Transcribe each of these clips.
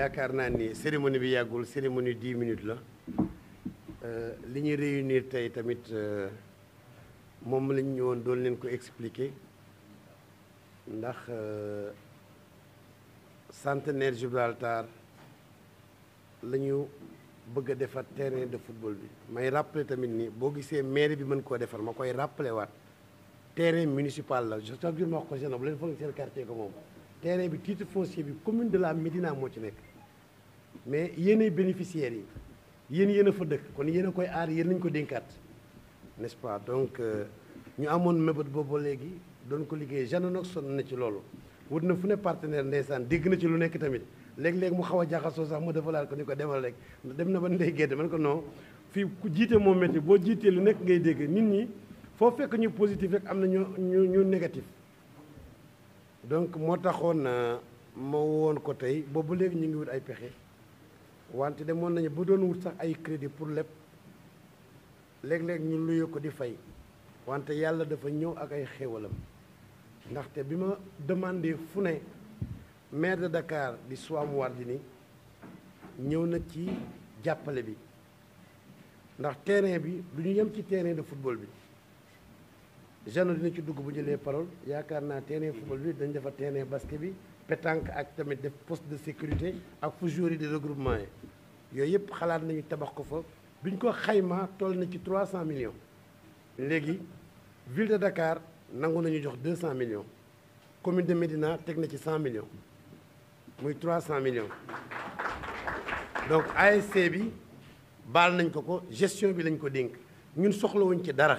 yaakaar ni cérémonie bi yàggul cérémonie 10 minutes la euh, li ñuy réunir tey tamit euh, moom lañ ñëwoon doon leen ko expliquer ndax euh, centenaire Gibraltar la ñu bëgg a terrain de football bi may rappeler tamit ni boo gisee mairie bi mën koo defar ma koy rappeler waat terrain municipal la je chaque jour ma wax ko seen bu leen foog quartier ko moom terrain bi titre foncier bi commune de la Médina moo ci nekk mais yéenay bénéficiaires yi yéen yéen a fa dëkk kon yéen a koy aar yéen nañu ko dénkaat n'est-ce pas donc euh, ñu amoon mébét boobu léegi doon ko liggéey Jeanne nag sonn na ci loolu wut na fu ne partenaire ndeysaan dégg na ci lu nekk tamit léeg-léeg mu xaw a jaxasoo sax mu defalaat ko ni ko demal rek dem na ba ndey gerte man ko non fii ku jiite moom métti boo jiitee lu nekk ngay dégg nit ñi foo fekk ñu positif rek am na ñu ñu ñu négatif donc moo taxoon euh, ma woon ko tey boobu léegi ñu ngi wut ay pexe wante demoon nañu bu doon wut sax ay crédit pour lépp léeg-léeg ñu luye ko di fay wante yàlla dafa ñëw ak ay xéewalam ndaxte bi ma demandé fu ne maire de di Soham El Wardini ñëw na ci jàppale bi ndax terrain bi du ñu yem ci terrain de football bi genre dina ci dugg bu jëlee parole yaakaar naa terrain football bi dañ defar terrain basket bi pétanque ak tamit def poste de sécurité ak fu joueurs yi di regroupement yi yooyu yëpp xalaat nañu tabax ko fa bi ñu ko xaymaa toll na ci 300 millions. léegi ville de Dakar nangu nañu jox 200 millions commune de Médina teg na ci 100 millions muy 300 millions donc ASC bi baal nañ ko ko gestion bi lañ ko dénk ñun soxlawuñ ci dara.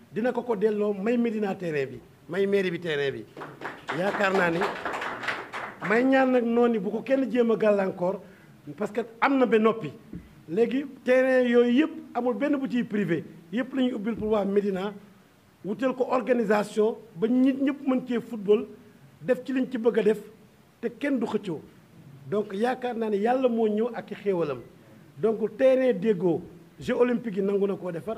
dina ko ko delloo may Médina terrain bi may mairie bi terrain bi yaakaar naa ni may ñaan nag noonu bu ko kenn jéem a gàllankoor parce que am na ba noppi léegi terrain yooyu yëpp amul benn buti ciy privé yëpp la ñuy ubbil pour waa Médina wuteel ko organisation ba nit ñëpp mën cee football def ci liñ ci bëgg a def te kenn du xëccoo donc yaakaar naa ne yàlla moo ñëw ak i xéewalam donc terrain déggoo Jeux olympiques yi nangu na koo defar